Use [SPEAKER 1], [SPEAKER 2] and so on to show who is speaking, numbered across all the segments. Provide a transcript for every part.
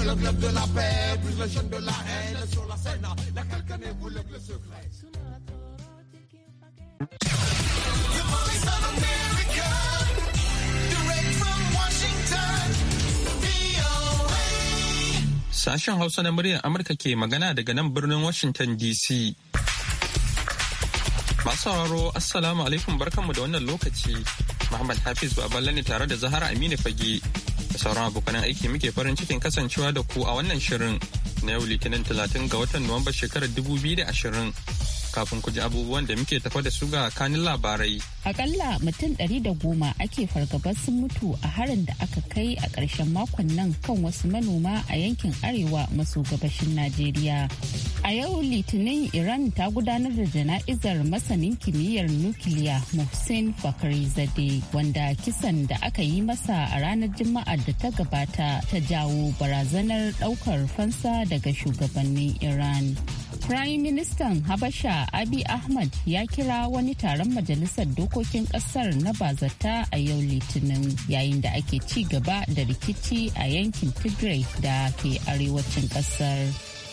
[SPEAKER 1] que le club de la paix, plus le jeune de la haine sur la scène, la calcane
[SPEAKER 2] vous le secret.
[SPEAKER 3] Sashen Hausa na muryar Amurka ke magana daga nan birnin Washington DC. Masu sauraro Assalamu alaikum barkanmu da wannan lokaci. Muhammad Hafiz Babalani ne tare da Zahara Aminu Fage sauran abokanan aiki muke farin cikin kasancewa da ku a wannan shirin na yau litinin 30 ga watan nuwamba shekarar 2020 kafin ku ji abubuwan da muke tafa da su ga kanin labarai.
[SPEAKER 4] Akalla mutum ɗari da goma ake fargabar sun mutu a harin da aka kai a ƙarshen makon nan kan wasu manoma a yankin arewa maso gabashin Najeriya. A yau Litinin Iran ta gudanar da jana'izar masanin kimiyyar nukiliya Mohsen zade wanda kisan da aka yi masa a ranar Juma'a da ta gabata ta jawo barazanar ɗaukar fansa daga shugabannin Iran. Prime Ministan Habasha Abi Ahmad ya kira wani taron majalisar dokokin kasar na bazata a yau litinin yayin da ake ci gaba da rikici a yankin Tigray da ke arewacin kasar.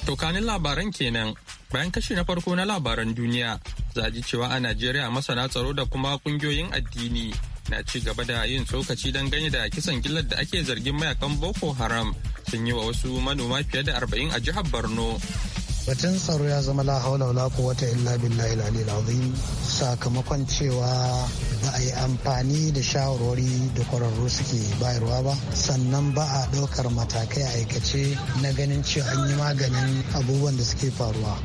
[SPEAKER 3] Tokanin labaran kenan bayan kashi na farko na labaran duniya za ji cewa a Najeriya masana tsaro da kuma kungiyoyin addini na ci gaba da yin tsokaci don gani da kisan gillar da ake zargin mayakan Boko Haram sun yi wa wasu manoma fiye da arba'in a jihar Borno.
[SPEAKER 2] batun tsaro ya zama la haula wala quwwata illa billahi al sakamakon cewa ba a yi amfani da shawarwari da kwararru suke bayarwa ba sannan ba a ɗaukar matakai a aikace na ganin cewa an yi maganin abubuwan da suke faruwa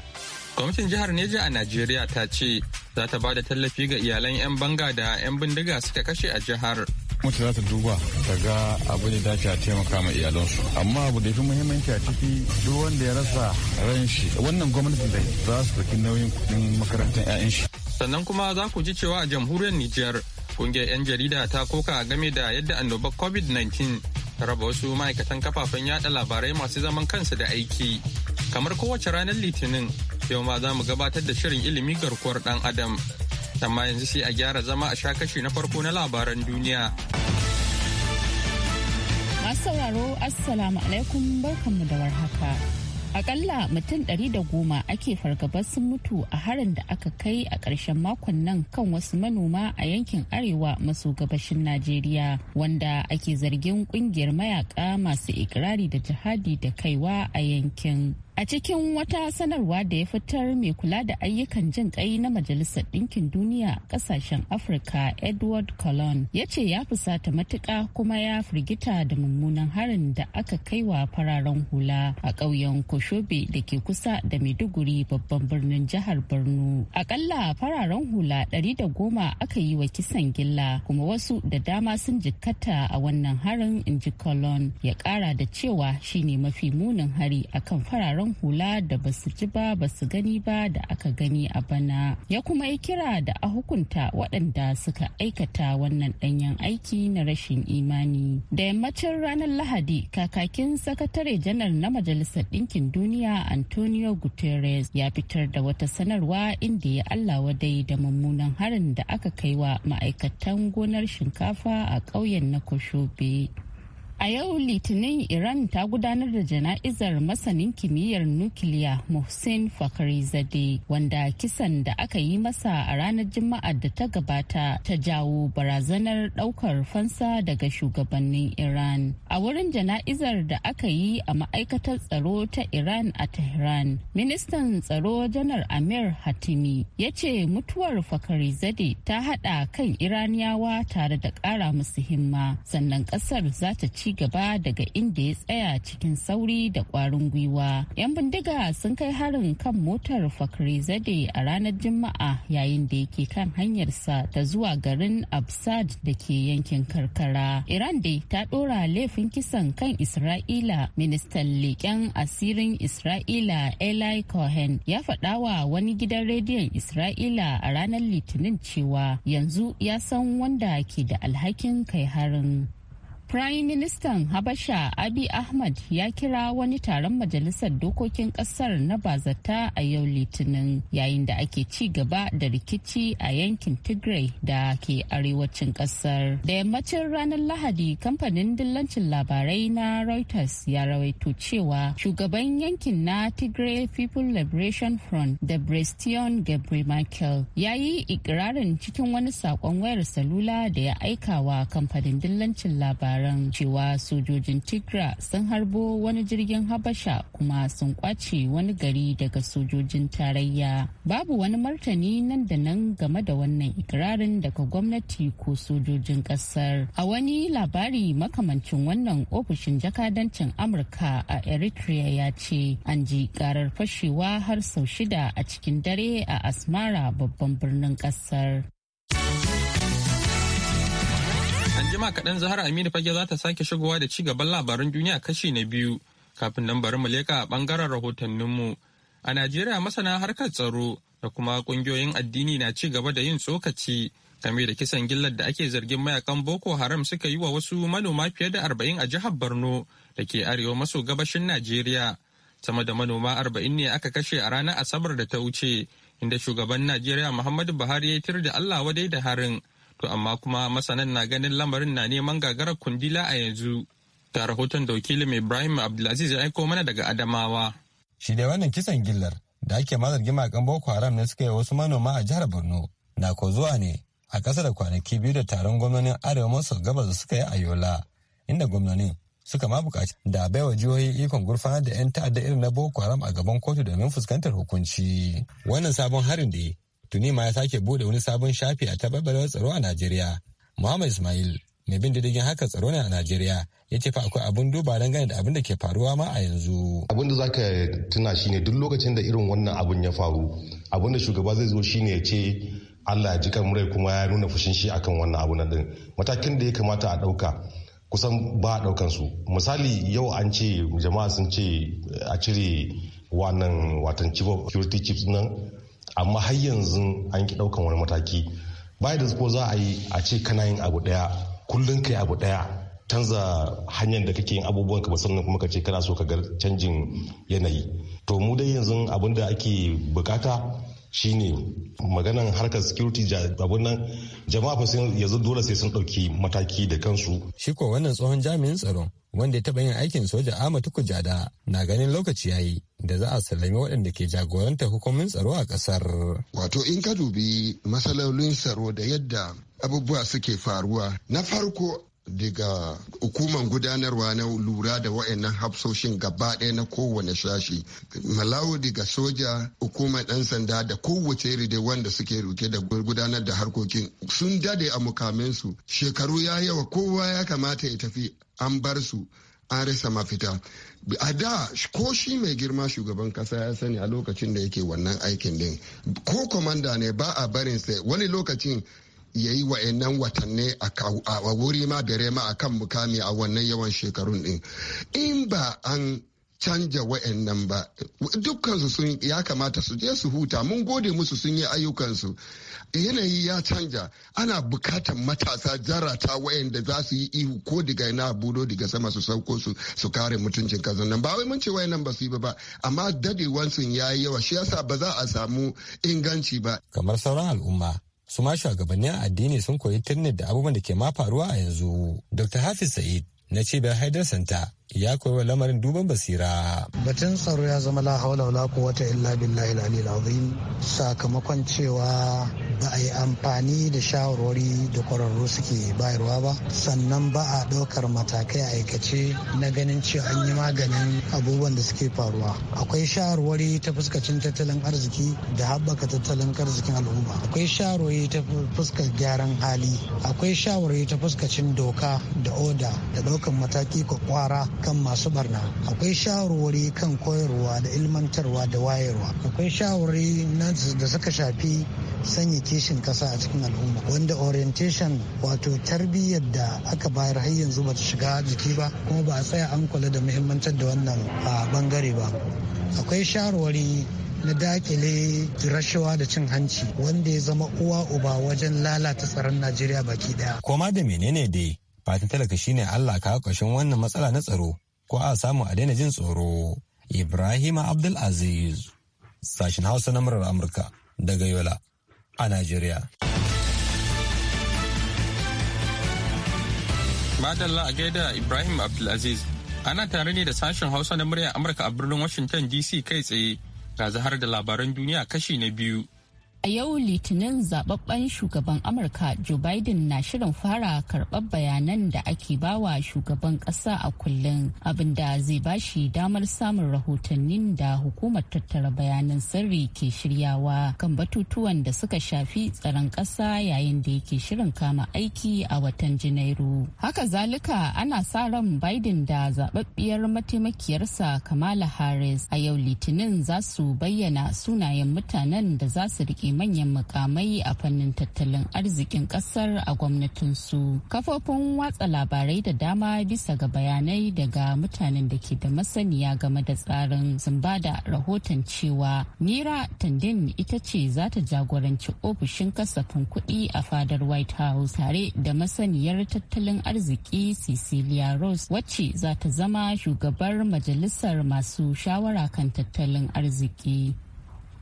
[SPEAKER 3] Kwamitin jihar neja a najeriya ta ce za ta ba da tallafi ga iyalan 'yan banga da 'yan bindiga suka kashe a jihar
[SPEAKER 1] mutu za ta duba ta ga abu da dace a taimaka ma iyalansu amma abu da fi muhimmanci a ciki duk wanda ya rasa ran shi wannan gwamnati da
[SPEAKER 5] za su ɗauki nauyin kuɗin makarantar 'ya'yan shi
[SPEAKER 3] sannan kuma za ku ji cewa a jamhuriyar Nijar kungiyar 'yan jarida ta koka game da yadda annobar covid-19 ta raba wasu ma'aikatan kafafen yada labarai masu zaman kansu da aiki kamar kowace ranar litinin yau ma za mu gabatar da shirin ilimi garkuwar dan adam Amma yanzu sai a gyara zama a sha na farko na labaran duniya.
[SPEAKER 4] Masu sauraro Assalamu alaikum barkanmu da warhaka. Akalla mutum ɗari da goma ake fargabar sun mutu a harin da aka kai a ƙarshen makon nan kan wasu manoma a yankin arewa maso gabashin Najeriya wanda ake zargin ƙungiyar mayaka masu ikirari da jihadi da kaiwa a yankin. A cikin wata sanarwa da ya fitar mai kula da ayyukan jin kai na Majalisar Ɗinkin Duniya ƙasashen Afirka Edward Colon ya ce ya fusata matuƙa kuma ya firgita da mummunan harin da aka kai wa fararen hula a ƙauyen Koshobe da ke kusa da Maiduguri babban birnin jihar Borno. aƙalla fararen hula ɗari da goma aka yi wa kisan gilla kuma wasu da dama sun jikkata a wannan harin in ji Colon ya ƙara da cewa shine mafi munin hari akan fararen fararen hula da ba su ji ba ba su gani ba da aka gani a bana ya kuma yi kira da a hukunta waɗanda suka aikata wannan ɗanyen aiki na rashin imani da yammacin ranar lahadi kakakin sakatare janar na majalisar ɗinkin duniya antonio guterres ya fitar da wata sanarwa inda ya allah wadai da mummunan harin da aka kai wa ma'aikatan gonar shinkafa a ƙauyen na koshobe A yau Litinin Iran ta gudanar da jana'izar masanin kimiyyar nukiliya Mohsen Fakhrizadeh wanda kisan da aka yi masa a ranar Juma'a da ta gabata ta jawo barazanar ɗaukar fansa daga shugabannin Iran. A wurin jana'izar da aka yi a ma'aikatar tsaro ta Iran a Tehran, ministan tsaro janar Amir Hatimi ya ce mutuwar Fakhrizadeh ta haɗa kan Iraniyawa tare da ƙara musu himma sannan ƙasar za ta ci gaba daga inda ya tsaya cikin sauri da kwarin gwiwa. 'Yan bindiga sun kai harin kan motar Zade a ranar Juma'a yayin da yake kan hanyarsa ta zuwa garin Absad da ke yankin karkara. Iran dai ta ɗora laifin kisan kan Isra'ila. Ministan leƙen asirin Isra'ila Eli Cohen ya faɗa wa wani gidan rediyon Isra'ila a ranar Litinin cewa yanzu ya san wanda ke da alhakin kai harin. Prime Ministan Habasha Abi Ahmad ya kira wani taron majalisar dokokin kasar na bazata a yau litinin yayin da ake ci gaba da rikici a yankin Tigray da ke arewacin kasar. Da yammacin ranar Lahadi kamfanin dillancin labarai na Reuters ya rawaito cewa shugaban yankin na Tigray People Liberation Front da brestion Gabriel Michael ya yi ikirarin cikin wani saƙon wayar salula da ya aika wa kamfanin dillancin labarai labaran cewa sojojin tigra sun harbo wani jirgin habasha kuma sun kwace wani gari daga sojojin tarayya babu wani martani nan da nan game da wannan ikirarin daga gwamnati ko sojojin kasar a wani labari makamancin wannan ofishin jakadancin amurka a eritrea ya ce an ji karar fashewa har sau shida a cikin dare a asmara babban birnin kasar
[SPEAKER 3] An jima kaɗan Zahara Aminu fage za ta sake shigowa da ci gaban labaran duniya kashi na biyu kafin nan bari mu leka a ɓangaren rahotanninmu. A Najeriya masana harkar tsaro da kuma ƙungiyoyin addini na ci gaba da yin tsokaci game da kisan gillar da ake zargin mayakan Boko Haram suka yi wa wasu manoma fiye da arba'in a jihar Borno da ke arewa maso gabashin Najeriya. Sama da manoma arba'in ne aka kashe a ranar Asabar da ta wuce inda shugaban Najeriya Muhammadu Buhari ya tir da Allah wadai da harin To amma kuma masanan na ganin lamarin na neman gagarar kundila a yanzu. Ta rahoton da wakilin Ibrahim Abdulaziz ya aiko mana daga Adamawa.
[SPEAKER 6] Shi da wannan kisan gillar da ake mazargi makan Boko Haram ne suka yi wasu manoma a jihar Borno. Na ko zuwa ne a ƙasa da kwanaki biyu da taron gwamnonin Arewa maso gabas da suka yi a Yola. Inda gwamnonin suka ma bukaci da baiwa jihohi ikon gurfanar da 'yan ta'adda irin na boko haram a gaban kotu domin fuskantar hukunci wannan sabon harin da tunima ya sake bude wani sabon shafi a tabarbarwar tsaro a najeriya muhammad ismail mai bin diddigin haka tsaro ne a najeriya ya ce fa akwai abun duba don gane da abin da ke faruwa ma a yanzu
[SPEAKER 1] abin da zaka tuna shine duk lokacin da irin wannan abun ya faru abin da shugaba zai zo shine ya ce allah ya ji murai kuma ya nuna fushin shi akan wannan abu na din matakin da ya kamata a dauka kusan ba a ɗaukan su misali yau an ce jama'a sun ce a cire wannan watan chief of security chiefs nan amma har yanzu an ki ɗaukan wani mataki bai da ko za a yi a ce kana yin abu ɗaya kullun kai abu ɗaya canza hanyar da kake yin abubuwan ka sannan kuma ka ce kana so ka ga canjin yanayi to mu dai yanzu abin da ake bukata shine maganan harkar security abun nan jama'a fa yanzu dole
[SPEAKER 6] sai sun ɗauki mataki da kansu shi ko wannan tsohon jami'in tsaron wanda ya taɓa yin aikin soja amatu Kujada na ganin lokaci yayi da za a sallami waɗanda ke jagorantar hukumin tsaro
[SPEAKER 5] a ƙasar. Wato in ka dubi matsalolin tsaro da yadda abubuwa suke faruwa na farko daga hukumar gudanarwa na lura da wa'annan hafsoshin gaba ɗaya na kowane shashi malawi daga soja hukumar ɗan sanda da kowace ride wanda suke ruke da gudanar da harkokin sun dade a mukaminsu shekaru ya yawa kowa ya kamata ya tafi an bar su an rasa mafita a da ko shi mai girma shugaban kasa ya sani a lokacin da yake wannan aikin din ko komanda ne ba a barin sai wani lokacin ya yi wa'annan watanni a wuri ma bere ma a kan mukami a wannan yawan shekarun din in ba an canja wa'annan ba dukkansu sun ya kamata su je su huta mun gode musu sun yi ayyukansu yanayi ya canja ana bukatar matasa jarata wa'anda za su yi ihu ko diga ina budo diga sama su sauko su su kare mutuncin kazan nan ba wai mun ce wa'annan ba su yi ba amma dadewansu ya yi yawa shi yasa ba za a samu inganci ba kamar sauran al'umma su ma a addini sun koyi tirnit da
[SPEAKER 6] abubuwan da ke ma faruwa a yanzu dr hafiz sa'id na cibiyar haidar santa ya koyi wa
[SPEAKER 2] lamarin duban
[SPEAKER 6] basira.
[SPEAKER 2] Batun tsaro ya zama la haula wala wata illa billahi al azim sakamakon cewa ba a yi amfani da shawarwari da kwararru suke bayarwa ba sannan ba a ɗaukar matakai aikace na ganin cewa an yi maganin abubuwan da suke faruwa. Akwai shawarwari ta fuskacin tattalin arziki da haɓaka tattalin arzikin al'umma. Akwai shawarwari ta fuskar gyaran hali. Akwai shawarwari ta fuskacin doka da oda da ɗaukar ɗaukan mataki kwakwara kan masu barna akwai shawarwari kan koyarwa da ilmantarwa da wayarwa akwai shawarwari da suka shafi sanya kishin kasa a cikin al'umma wanda orientation wato tarbiyyar da aka bayar har yanzu bata shiga jiki ba kuma ba a tsaya an kula da muhimmancin da wannan a bangare ba akwai shawarwari na dakile rashawa da cin hanci wanda ya zama uwa uba wajen lalata tsaron najeriya baki daya
[SPEAKER 6] koma da menene dai fatan talaka shine Allah kawo kashin wannan matsala na tsaro ko a samu a daina jin tsoro Ibrahim Abdul Aziz sashen Hausa na murar Amurka daga Yola a Najeriya.
[SPEAKER 3] Madalla a gaida Ibrahim Abdulaziz ana tare ne da sashen Hausa na muryar Amurka a birnin Washington DC kai tsaye ga zahar da labaran duniya kashi na biyu.
[SPEAKER 4] A yau Litinin zababben shugaban Amurka Joe Biden na shirin fara karɓar bayanan da ake bawa shugaban ƙasa a kullum da zai bashi damar samun rahotannin da hukumar tattara bayanan sirri ke shiryawa kan batutuwan da suka shafi tsaron ƙasa yayin da yake shirin kama aiki a watan Janairu. Haka zalika ana sa ran Biden da zababbiyar mataimakiyarsa Kamala Harris a yau Litinin za su bayyana sunayen mutanen da za su riƙe manyan mukamai a fannin tattalin arzikin kasar a gwamnatinsu kafofin watsa labarai da dama bisa ga bayanai daga mutanen da ke da masaniya game da tsarin sun da rahoton cewa nira tandem ita ce za ta jagoranci ofishin kasafin kuɗi a fadar white house tare da masaniyar tattalin arziki cecilia rose wacce za ta zama shugabar majalisar masu shawara kan tattalin arziki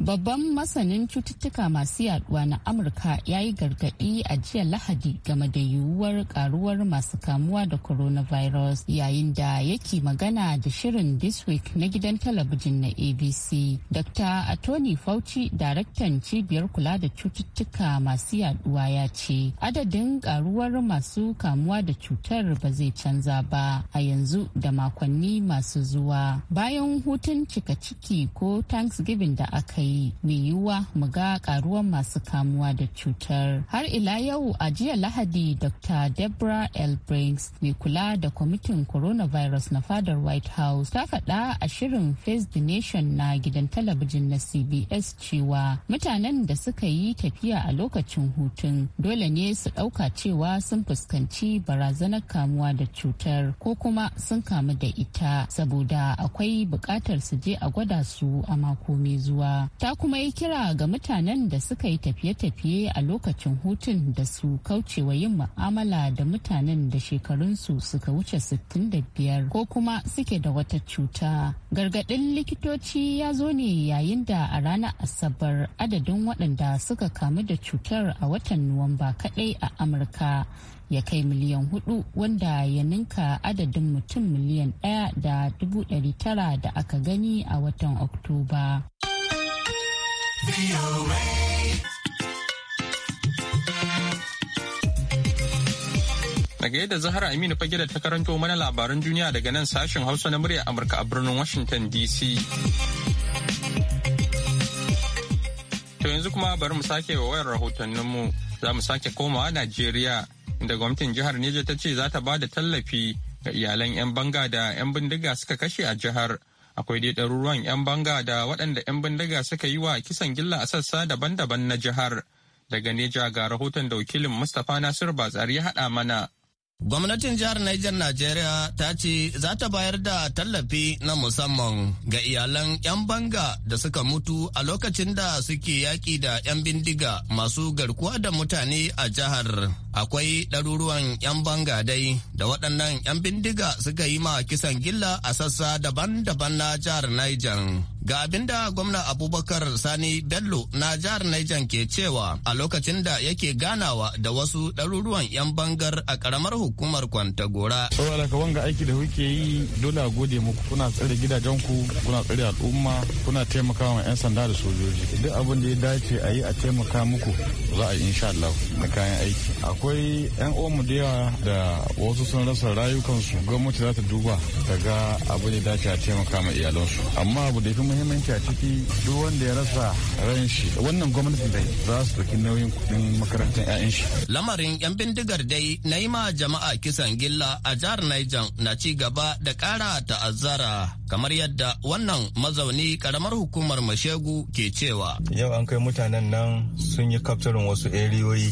[SPEAKER 4] Babban masanin cututtuka masu yaduwa na Amurka ya yi gargaɗi a jiya Lahadi game da yiwuwar karuwar masu kamuwa da coronavirus yayin da yake magana da shirin This Week na gidan talabijin na ABC. Dr. Atoni Fauci, daraktan cibiyar kula da cututtuka masu yaduwa ya ce, adadin karuwar masu kamuwa da cutar ba zai canza ba a yanzu da makonni masu zuwa. Bayan hutun cika ciki ko Thanksgiving da aka yi yi mai yiwuwa mu ga karuwan masu kamuwa da cutar har ila yau a jiya lahadi dr debra l brinks mai kula da kwamitin coronavirus na fadar white house ta faɗa a shirin face the nation na gidan talabijin na cbs cewa mutanen da suka yi tafiya a lokacin hutun dole ne su ɗauka cewa sun fuskanci barazanar kamuwa da cutar ko kuma sun kamu da ita saboda akwai buƙatar su je a gwada su a mako mai zuwa ta kuma yi kira ga mutanen da suka yi tafiye-tafiye a lokacin hutun da su kaucewa yin ma'amala da mutanen da shekarunsu suka wuce 65 ko kuma suke da wata cuta gargaɗin likitoci ya zo ne yayin da a ranar asabar adadin waɗanda suka kamu da cutar a watan nuwamba kaɗai a amurka ya kai miliyan hudu wanda ya ninka adadin mutum miliyan ɗaya da dubu ɗari tara da aka gani a watan oktoba
[SPEAKER 3] Daga da Zahra Aminu fage da ta karanto mana labaran duniya daga nan sashen Hausa na murya Amurka a birnin Washington DC. To yanzu kuma bari mu sake wa wayar rahotanninmu za mu sake komawa Najeriya inda gwamnatin jihar Neja ta ce za ta ba da tallafi ga iyalan 'yan banga da 'yan bindiga suka kashe a jihar akwai dai ɗaruruwan 'yan banga da waɗanda 'yan bindiga suka yi wa kisan gilla a sassa daban-daban na jihar daga neja ga rahoton da wakilin mustapha nasiru batsari ya
[SPEAKER 7] haɗa mana Gwamnatin jihar Niger Najeriya ta ce za ta bayar da tallafi na musamman ga iyalan 'yan banga da suka mutu a lokacin da suke yaƙi da 'yan bindiga masu garkuwa da mutane a jihar. Akwai ɗaruruwan 'yan banga dai da waɗannan 'yan bindiga suka yi ma kisan gilla a sassa daban-daban na jihar Niger. Ga abin da gwamna Abubakar Sani Bello na jihar Niger ke cewa a lokacin da yake ganawa da wasu ɗaruruwan 'yan bangar a karamar hukumar Kwantagora. Saboda ka wanga aiki da kuke yi dole a gode muku
[SPEAKER 1] kuna tsare gidajenku kuna tsare al'umma kuna taimaka wa 'yan sanda da sojoji. Duk abin da ya dace a yi a taimaka muku za a yi insha Allah na kayan aiki. Akwai 'yan omu da yawa da wasu sun rasa rayukansu gwamnati za ta duba ta ga abin da ya dace a taimaka ma iyalansu. Amma abu da ya fi muhimmanci a ciki duk wanda ya rasa ran shi wannan gwamnati dai za su dauki nauyin kudin makarantar ƴaƴan shi.
[SPEAKER 7] Lamarin 'yan bindigar dai na yi ma jama'a kisan gilla a jihar Niger na ci gaba da ƙara ta'azzara kamar yadda wannan mazauni karamar hukumar Mashegu ke cewa.
[SPEAKER 1] Yau an kai mutanen nan sun yi kaftarin wasu eriyoyi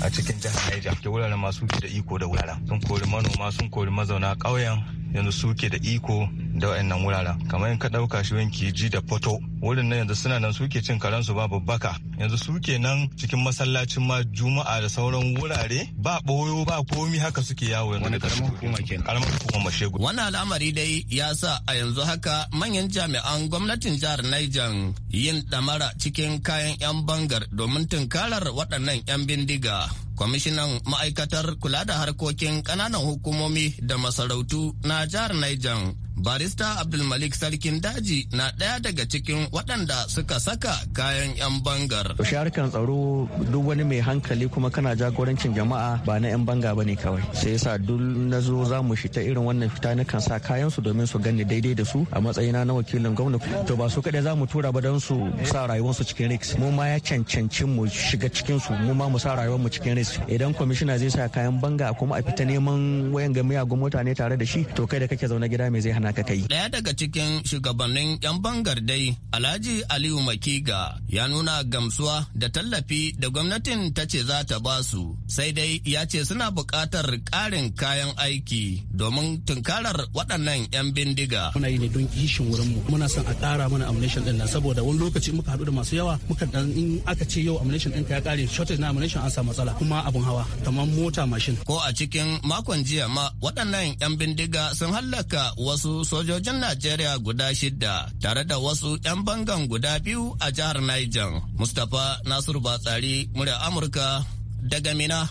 [SPEAKER 1] a cikin jihar Niger ke wuraren masu da iko da wuraren. Sun kori manoma sun kori mazauna ƙauyen yanzu suke da iko da wayannan wuraren kamar in ka ɗauka shi wanki ji da foto wurin nan yanzu suna nan suke cin su ba babbaka yanzu suke nan cikin masallacin ma juma'a da sauran wurare ba boyo
[SPEAKER 7] ba komi haka suke yawo yanzu da karamar hukuma kenan karamar hukuma mashegu wannan al'amari dai ya sa a yanzu haka manyan jami'an gwamnatin jihar Niger yin damara cikin kayan 'yan bangar domin tunkarar waɗannan 'yan bindiga kwamishinan ma'aikatar kula da harkokin ƙananan hukumomi da masarautu na jihar Niger barista abdulmalik sarkin daji na ɗaya daga cikin waɗanda suka saka kayan 'yan bangar
[SPEAKER 8] harkan tsaro duk wani mai hankali kuma kana jagorancin jama'a ba na 'yan banga ba ne kawai sai yasa duk na zo za mu ta irin wannan fita na kan sa kayan su domin su gani daidai da su a matsayina na wakilin gwamna to ba su kaɗai za mu tura ba don su sa rayuwarsu cikin risk mu ma ya cancanci mu shiga cikin su mu ma mu sa rayuwar mu cikin risk idan kwamishina zai sa kayan banga kuma a fita neman wayan ga miyagun mutane tare da shi to kai da kake zaune gida mai zai hana magana ka kai.
[SPEAKER 7] Daya daga cikin shugabannin 'yan bangar dai Alhaji Aliyu Makiga ya nuna gamsuwa da tallafi da gwamnatin ta ce za ta ba su sai dai ya ce suna buƙatar ƙarin kayan aiki domin tunkarar waɗannan 'yan bindiga.
[SPEAKER 8] Muna yi ne don kishin wurin mu muna son a ƙara mana ammunition ɗin nan saboda wani lokaci muka haɗu da masu yawa muka dan in aka ce yau ammunition ɗinka ya ƙare shortage na ammunition an samu matsala kuma abun hawa kamar mota mashin.
[SPEAKER 7] Ko a cikin makon jiya ma waɗannan 'yan bindiga sun hallaka wasu sojojin Najeriya guda shidda tare da wasu 'yan bangan guda biyu a jihar Niger. Mustapha Nasiru Batsari murya Amurka daga Mina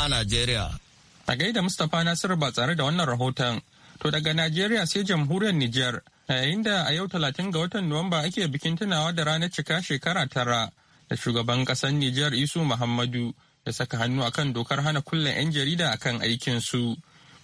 [SPEAKER 7] a Najeriya.
[SPEAKER 3] A gaida Mustapha Nasiru Batsari da wannan rahoton. To daga Najeriya sai jamhuriyar Nijar yayin da a yau talatin ga watan Nuwamba ake bikin tunawa da ranar cika shekara tara da shugaban ƙasar Nijar Isu Muhammadu ya saka hannu akan dokar hana kullum 'yan jarida akan aikinsu. aikin su.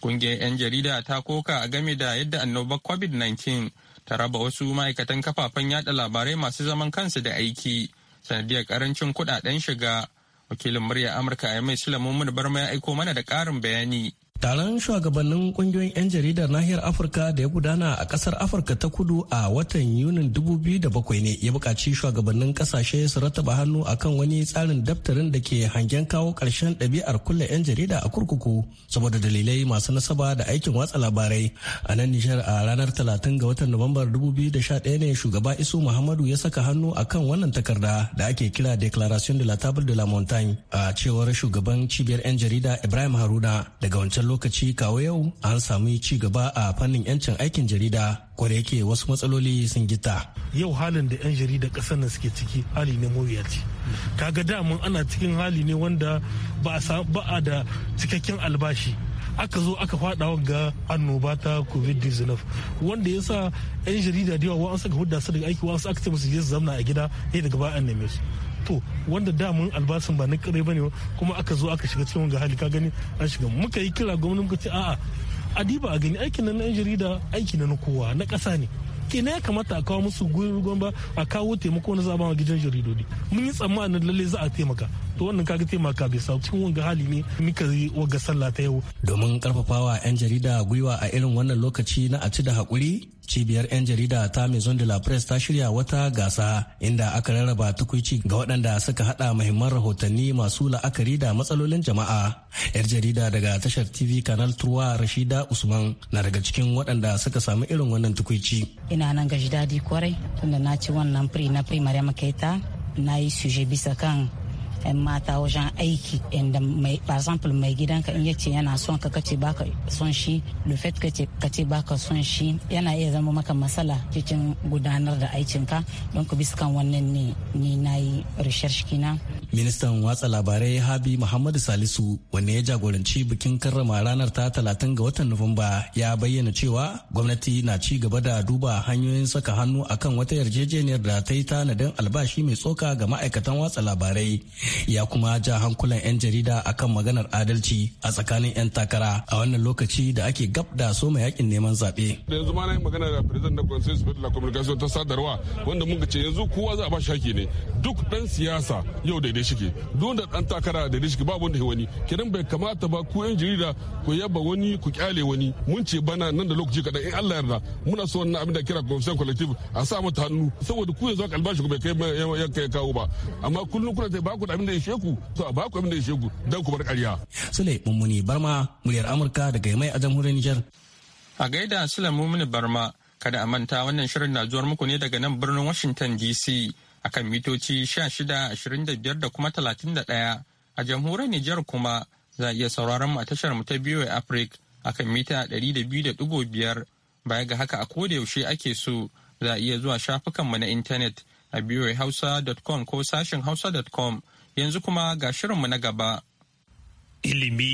[SPEAKER 3] Kungiyar 'yan jarida ta koka a game da yadda annobar COVID-19 ta raba wasu ma'aikatan kafafen yada labarai masu zaman kansu da aiki sanadiyar karancin kudaden shiga. Wakilin murya Amurka a mai Sulaiman Barma ya aiko mana da ƙarin bayani.
[SPEAKER 8] Taron shugabannin kungiyoyin 'yan jaridar nahiyar Afirka da ya gudana a kasar Afirka ta kudu a watan Yunin 2007 ne ya bukaci shugabannin kasashe su rattaba hannu akan wani tsarin daftarin da ke hangen kawo ƙarshen ɗabi'ar kulle 'yan jarida a kurkuku saboda dalilai masu nasaba da aikin watsa labarai. A nan Nijar a ranar 30 ga watan Nuwambar 2011 ne shugaba Isu Muhammadu ya saka hannu akan wannan takarda da ake kira Declaration de la Table de la Montagne a cewar shugaban cibiyar 'yan jarida Ibrahim Haruna daga wancan lokaci kawo yau an samu ci gaba a fannin 'yancin aikin jarida
[SPEAKER 9] kwarai yake wasu matsaloli sun gita. Yau halin da 'yan jarida ƙasar nan suke ciki hali ne mawuyaci. Kaga da daman ana cikin hali ne wanda ba a da cikakken albashi. aka zo aka fada ga annoba ta covid-19 wanda ya sa 'yan jarida da yawa an saka hudda su daga aiki wa'ansu aka ce musu je zamna a gida ya daga ba'an an neme su to wanda da mun albasin ba na kare ne kuma aka zo aka shiga cikin hali ka gani an shiga muka yi kira gwamnati muka ce a'a adiba a gani aikin nan na yan jarida aiki na kowa na ƙasa ne kina ya kamata a kawo musu gwiwon ba a kawo taimako na zaba wa gidan jaridodi mun yi tsammanin lalle za a taimaka to wannan kaga taimaka bai sa cikin wanga hali ne muka yi
[SPEAKER 8] wagga sallah ta yau domin karfafawa yan jarida gwiwa a irin wannan lokaci na a ci da hakuri cibiyar 'yan jarida ta maison de la presse ta shirya wata gasa inda aka rarraba tukuici ga waɗanda suka hada mahimman rahotanni masu la'akari da matsalolin jama'a yar jarida daga tashar tv canal turwa rashida usman na daga cikin waɗanda suka samu irin wannan
[SPEAKER 4] tukuici ina nan gaji dadi kwarai tunda na ci wannan firi na primary keita na yi suje bisa kan 'yan mata wajen aiki inda mai example mai gidanka in yace yana son ka kace baka son shi lufet kace kace baka son shi yana iya zama maka masala cikin gudanar da aikin ka don ku biskan wannan ne ni nayi research kina
[SPEAKER 8] ministan watsa labarai habi muhammadu salisu wanne ya jagoranci bikin karrama ranar ta talatin ga watan nuwamba ya bayyana cewa gwamnati na ci gaba da duba hanyoyin saka hannu akan wata yarjejeniyar da ta yi tanadin albashi mai tsoka ga ma'aikatan watsa labarai ya kuma ja hankulan 'yan jarida akan maganar adalci a tsakanin 'yan takara a wannan lokaci da ake gab da soma yakin neman zaɓe.
[SPEAKER 5] da yanzu ma na magana da president na conseil de la communication ta sadarwa wanda muka ce yanzu kowa za a ba shi haƙƙi ne duk dan siyasa yau daidai shike duk da dan takara daidai shike babu wanda wani kiran bai kamata ba ku 'yan jarida ku yaba wani ku kyale wani mun ce bana nan da lokaci kaɗan in Allah yarda muna so wannan abin da kira conseil collective a sa mata hannu saboda ku yanzu albashi ku bai kai ya kawo ba amma kullum kuna ba ku da abin da ya sheku to a ku da ya sheku dan ku bar ƙarya.
[SPEAKER 8] Sule Mummuni Barma muryar Amurka daga Yamai a jamhuriyar Nijar.
[SPEAKER 3] A gaida Sule Mummuni Barma kada a manta wannan shirin na zuwar muku ne daga nan birnin Washington DC akan mitoci 16, 25 da kuma 31 a jamhuriyar Nijar kuma za a iya sauraron mu a tashar mu ta biyu a Africa akan mita 200.5 baya ga haka a koda yaushe ake so za a iya zuwa shafukanmu na intanet a hausa.com ko sashen hausa.com Yanzu kuma ga shirinmu na gaba. Ilimi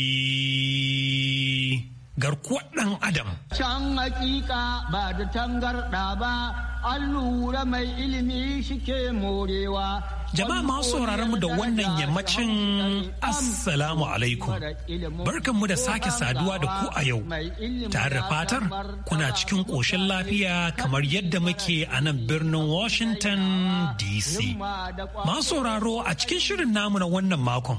[SPEAKER 9] garkuwar ɗan Adam.
[SPEAKER 2] Can hakika ba da tangarɗa ba, an lura mai ilimi shike morewa. Jama'a masu sauraron mu da wannan
[SPEAKER 9] yammacin Assalamu alaikum. Barkanmu da sake saduwa da ku a yau. Tare da fatar kuna cikin ƙoshin lafiya kamar yadda muke a nan birnin Washington DC.
[SPEAKER 7] Masu sauraro a
[SPEAKER 9] cikin shirin namu na wannan makon.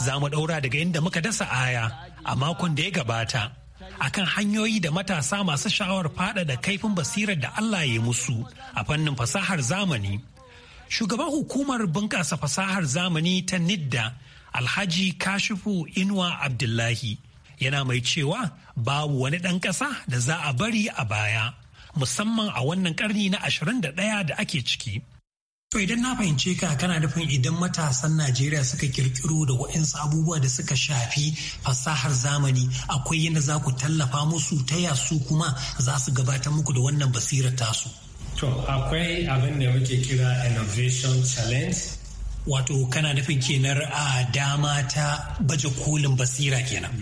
[SPEAKER 9] Za mu ɗaura daga inda muka dasa aya a makon da ya gabata. akan hanyoyi da matasa masu sha'awar faɗaɗa kaifin basirar da Allah ya musu a fannin fasahar zamani shugaban hukumar bunƙasa fasahar zamani ta nidda alhaji kashifu inuwa abdullahi yana mai cewa babu wani ɗan ƙasa da za a bari a baya musamman a wannan ƙarni na 21 da ake ciki To idan na fahimce ka kana nufin idan matasan Najeriya suka kirkiro da waɗansu abubuwa da suka shafi fasahar zamani akwai yadda za ku tallafa musu ta yasu kuma za su gabatar muku da wannan basirar tasu. To akwai abin da muke kira innovation challenge. Wato kana nufin kenar a dama ta baje kolin basira kenan.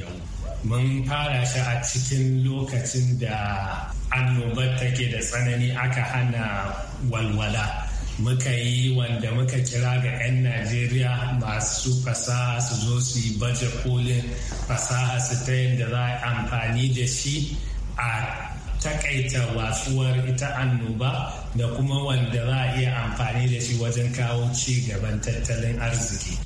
[SPEAKER 10] Mun fara shi a cikin lokacin da annobar take da tsanani aka hana walwala. Muka yi wanda muka kira ga 'yan Najeriya masu fasaha su zo su yi baje kolin fasaha su ta da za a amfani da shi a takaita watsuwar ita annoba da kuma wanda za a iya amfani da shi wajen kawo ci gaban tattalin arziki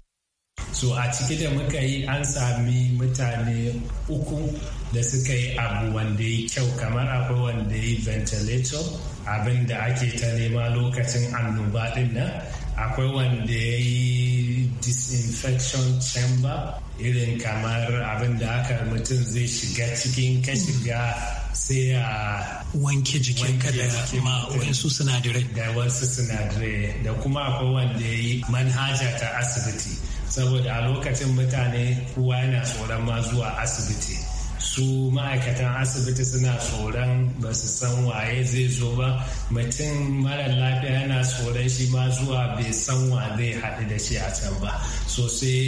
[SPEAKER 10] so a ciki da muka yi an sami mutane uku da suka yi abu wanda ya kyau kamar akwai wanda ya yi ventilator abin da ake ta nema lokacin annoba din nan akwai wanda ya yi disinfection chamber irin kamar abin da aka mutum zai shiga cikin ka shiga sai a wanke jikinka da ma wasu sinadirai da wasu sinadirai da kuma akwai wanda ya yi manhaja ta asibiti saboda a lokacin mutane kowa yana tsoron ma zuwa asibiti su ma'aikatan asibiti suna tsoron ba su san waye zai zo ba mutum mara lafiya yana tsoron shi ma zuwa bai san wa zai haɗu da shi a can ba sosai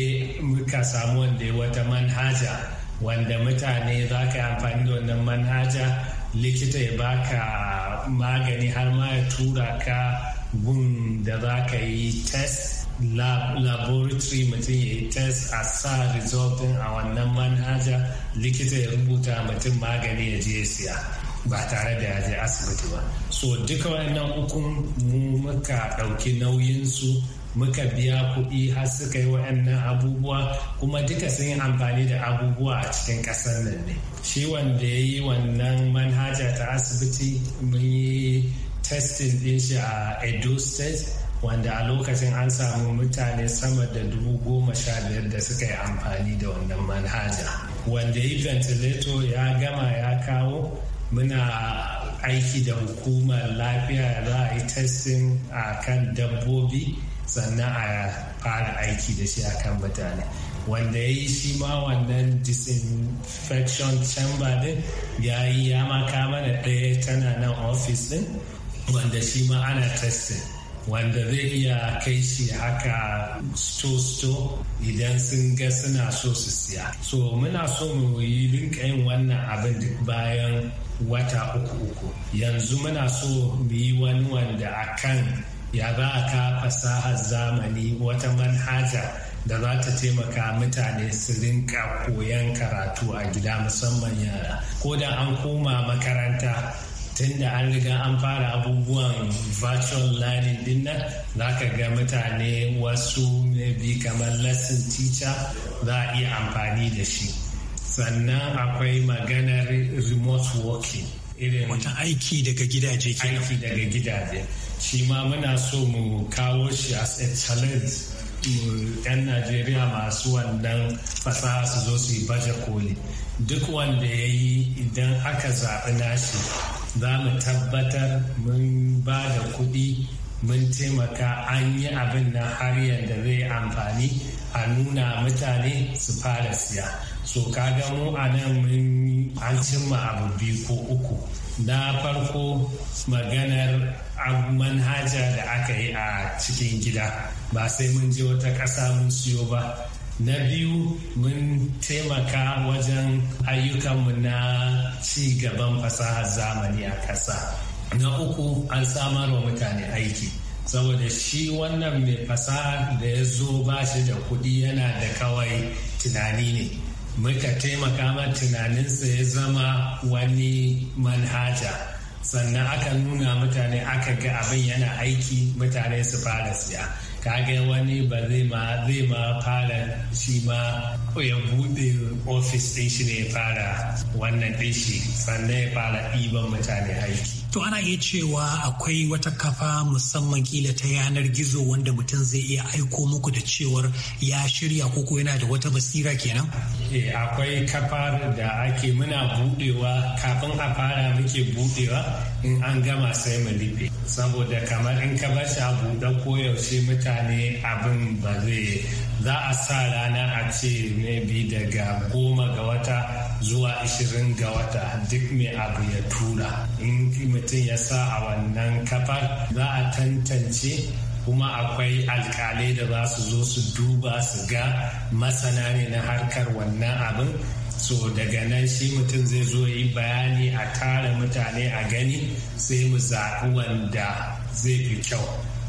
[SPEAKER 10] muka samu wanda wata manhaja wanda mutane za ka yi amfani da wannan manhaja likita ya baka magani har ma ya tura ka gun da za ka yi test lab, laboratory mutum ya yi test a sa result a wannan manhaja likita ya rubuta mutum magani ya je siya ba tare da ya je asibiti ba so duka wannan ukun mu muka ɗauki nauyinsu muka biya kuɗi har suka yi wa'annan abubuwa kuma duka sun yi amfani da abubuwa a cikin ƙasar nan ne shi wanda ya yi wannan manhaja ta asibiti mun yi testing ɗin shi a edo state wanda a lokacin an samu mutane sama da dubu goma sha biyar da suka yi amfani da wannan manhaja wanda ya yi ventilator ya gama ya kawo muna aiki da hukumar lafiya za a yi testing a kan dabbobi sannan a fara aiki da shi akan mutane wanda ya yi shi ma wannan disinfection chamber din ya yi ya maka mana ɗaya tana nan ofis din wanda shi ma ana testing wanda zai iya kai shi haka sto-sto idan sun ga suna so su siya so muna so mu yi rinka yin wannan abin duk bayan wata uku uku yanzu muna so mu yi wani wanda akan ya za a ka fasahar zamani wata manhaja da za ta taimaka mutane su rinka koyan karatu a gida musamman yara ko da an koma makaranta tun da an riga an fara abubuwan virtual learning din nan za ka ga mutane wasu bi kamar lesson teacher za a iya amfani da shi sannan akwai maganar remote working irin aiki daga gidaje aiki daga gidaje shi ma muna so mu kawo shi as a challenge 'yan najeriya masu wannan fasaha su zo su yi baje koli duk wanda ya yi idan aka zaɓi nashi za mu tabbatar mun ba da kuɗi mun taimaka an yi abin na har yadda zai amfani a nuna mutane su fara siya so kaga mu a nan mun an cimma abu biyu ko uku na farko maganar manhaja da aka yi a cikin gida ba sai mun je wata ƙasa mun siyo ba na biyu mun taimaka wajen ayyukanmu na ci gaban fasahar zamani a ƙasa na uku an samar wa mutane aiki saboda shi wannan mai fasaha da ya zo ba shi da kuɗi yana da kawai tunani ne muka taimaka ma tunaninsa ya zama wani manhaja sannan aka nuna mutane aka ga abin yana aiki mutane su fara siya kaga wani ba zai ma zai ma fara shi ma ya bude ofis ɗin shi ne ya fara wannan ɗin shi sannan ya fara ɗiban mutane aiki to
[SPEAKER 9] ana iya cewa akwai wata kafa musamman kila ta yanar gizo wanda mutum zai iya
[SPEAKER 10] aiko muku da cewar ya shirya ko yana da wata basira kenan eh, akwai kafar da ake muna budewa kafin a fara muke budewa in an gama sai mu rufe saboda kamar in ka bashi a buɗe ko yaushe mutane abin ba zai za a sa rana a ce maybe daga goma ga wata zuwa 20 ga wata duk mai abu ya tura in mutum ya sa a wannan kafar za a tantance kuma akwai alkalai da za su zo su duba su ga masana ne na harkar wannan abin so daga nan shi mutum zai zo yi bayani a tara mutane a gani sai mu zaɓi wanda zai fi kyau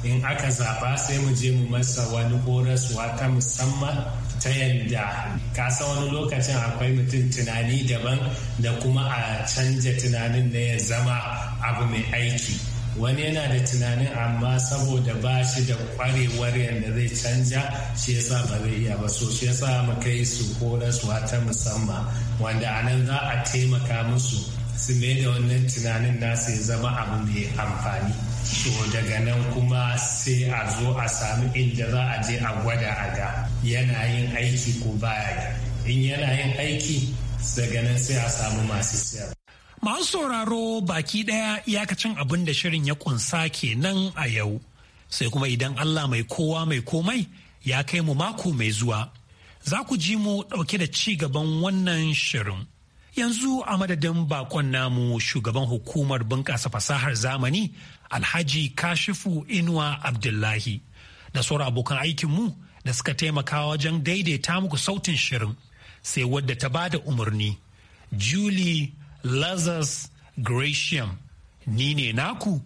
[SPEAKER 10] in aka zaɓa sai mu je mu masa wani horaswa ta musamman ta yadda kasa wani lokacin akwai mutum tunani daban da kuma a canja tunanin da ya zama abu mai aiki wani yana da tunanin amma saboda ba shi da kwarewar yadda zai canja shi yasa ba zai iya ba so shi yasa mu kai su horaswa ta musamman wanda a nan za a taimaka musu su mai da wannan tunanin nasu ya zama abu mai amfani so daga nan kuma sai a zo a sami inda za a je a gwada a ga yana yin aiki ko baya in yana yin aiki daga nan sai a samu masu siyar
[SPEAKER 9] masu sauraro baki daya iyakacin abin da shirin ya kunsa kenan a yau sai kuma idan allah mai kowa mai komai ya kai mu mako mai zuwa za ku ji mu dauke da ci gaban wannan shirin. yanzu a madadin bakon namu shugaban hukumar bunƙasa fasahar zamani alhaji kashifu inuwa abdullahi da sauran abokan aikinmu da suka taimaka wajen daidaita muku sautin shirin sai wadda ta ba da umarni julie lazarus gratiam ni ne naku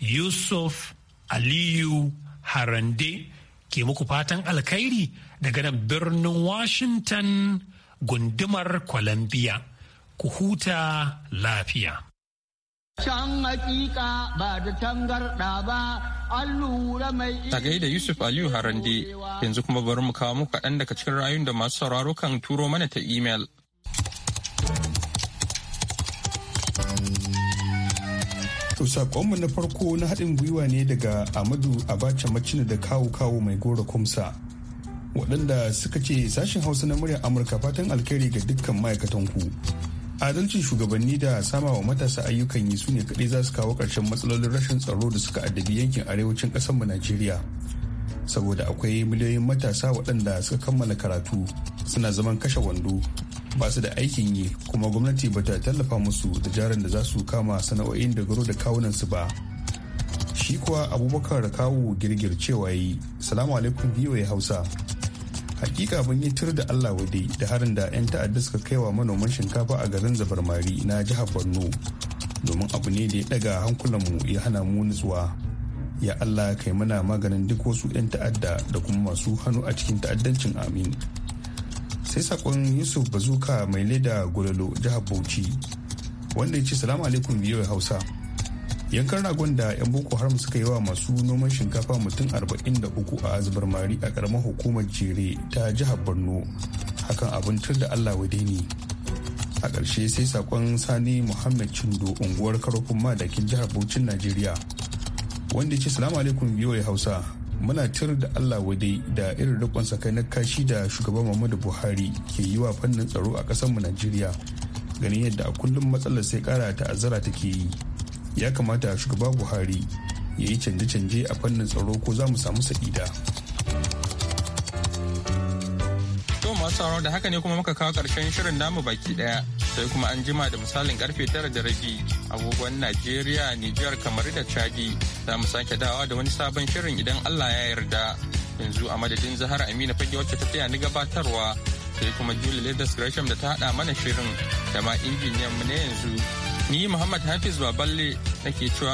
[SPEAKER 9] yusuf aliyu harande ke muku fatan alkhairi daga nan birnin washington gundumar columbia ku huta lafiya.
[SPEAKER 2] Can hakika ba da tangarɗa ba, an lura mai A gaida
[SPEAKER 9] Yusuf Aliyu Harande,
[SPEAKER 3] yanzu kuma bari mu kawo muku kaɗan daga cikin rayun da masu sauraro kan turo mana ta imel.
[SPEAKER 1] To na farko na haɗin gwiwa ne daga Amadu Abacha Macina da kawo kawo mai gora kumsa. Waɗanda suka ce sashen Hausa na muryar Amurka fatan alkhairi ga dukkan ma'aikatan ku. adalcin shugabanni da sama wa matasa ayyukan yi su ne kaɗai za su kawo ƙarshen matsalolin rashin tsaro da suka addabi yankin arewacin ƙasarmu najeriya saboda akwai miliyoyin matasa waɗanda suka kammala karatu suna zaman kashe wando ba su da aikin yi kuma gwamnati ba ta tallafa musu da jarin da za su kama sana'o'in da garo da kawunansu ba shi kuwa abubakar kawo girgir cewa yi salamu alaikum biyu hausa hakika mun yi tur da allah wade da harin da 'yan ta'adda suka kai wa manoman shinkafa a garin zabarmari na jihar borno domin abu ne da ya daga hankulanmu ya hana mu nutsuwa ya allah kai mana maganin duk wasu 'yan ta'adda da kuma masu hannu a cikin ta'addancin amin sai sakon yusuf bazuka mai leda gololo jihar bauchi wanda ya ce salamu alaikum biyu hausa yankan ragon da 'yan boko haram suka yi wa masu noman shinkafa mutum 43 a azubar mari a karamar hukumar jere ta jihar borno hakan abin tur da allah wade ne a ƙarshe sai sakon sani muhammad chindo unguwar karofin madakin jihar bocin najeriya wanda ce salamu alaikum biyoyi hausa muna tir da allah wade da irin rikon tsakanin kashi da shugaban muhammadu buhari ke yi wa fannin tsaro a ƙasarmu najeriya ganin yadda a kullum matsalar sai kara ta'azzara take yi ya kamata a shugaba buhari ya yi canje-canje a fannin tsaro ko za mu samu sa'ida
[SPEAKER 3] to masu sauraro da haka ne kuma muka kawo karshen shirin namu baki daya sai kuma an jima da misalin karfe tara da rabi agogon najeriya nijar kamar da chadi za mu sake dawa da wani sabon shirin idan allah ya yarda yanzu a madadin zahar amina fage wacce ta tsaya ni gabatarwa sai kuma julie ladis gresham da ta hada mana shirin da ma injiniyan mu ne yanzu Ni Muhammad Hafiz Baballe nake cewa